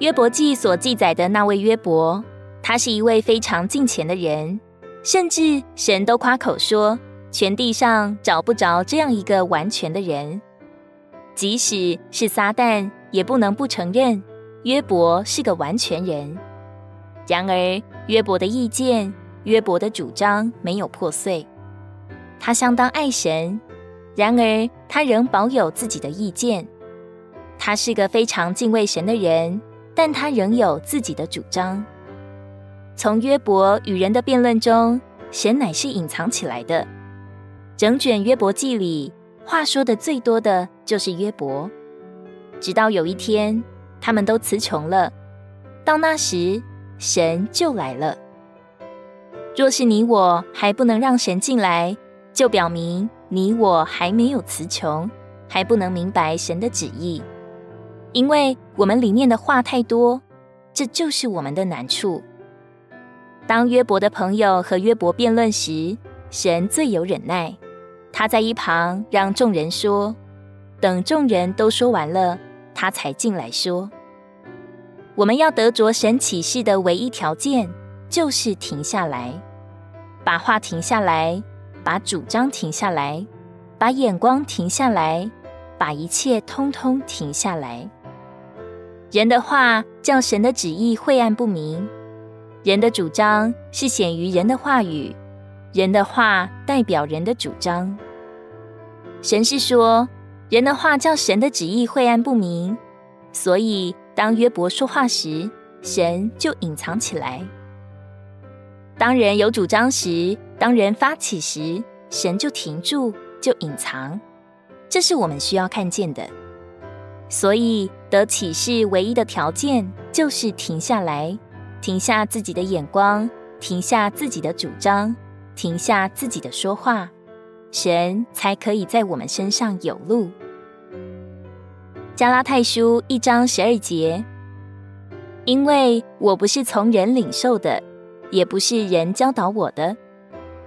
約伯記所記載的那位約伯，他是一位非常敬虔的人，甚至神都誇口說，全地上找不着這樣一個完全的人。即使是撒旦，也不能不承認約伯是個完全人。然而，約伯的意見、約伯的主張沒有破碎。他相當愛神，然而他仍保有自己的意見。他是個非常敬畏神的人。但他仍有自己的主張。從約伯與人的辯論中，神乃是隱藏起來的。整卷約伯記裡，話說的最多的就是約伯。直到有一天，他們都詞窮了，到那時，神就來了。若是你我還不能讓神進來，就表明你我還沒有詞窮，還不能明白神的旨意。因為我們裡面的話太多，這就是我們的難處。當約伯的朋友和約伯辯論時，神最有忍耐，他在一旁讓眾人說，等眾人都說完了，他才進來說。我們要得着神啟示的唯一條件，就是停下來，把話停下來，把主張停下來，把眼光停下來，把一切通通停下來。人的話叫神的旨意晦暗不明，人的主張是顯於人的話語，人的話代表人的主張。神是說，人的話叫神的旨意晦暗不明，所以當約伯說話時，神就隱藏起來；當人有主張時，當人發起時，神就停住，就隱藏。這是我們需要看見的。所以得啟示唯一的條件，就是停下來，停下自己的眼光，停下自己的主張，停下自己的說話，神才可以在我們身上有路。加拉太書一章十二節，因為我不是從人領受的，也不是人教導我的，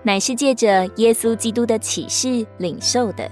乃是借着耶穌基督的啟示領受的。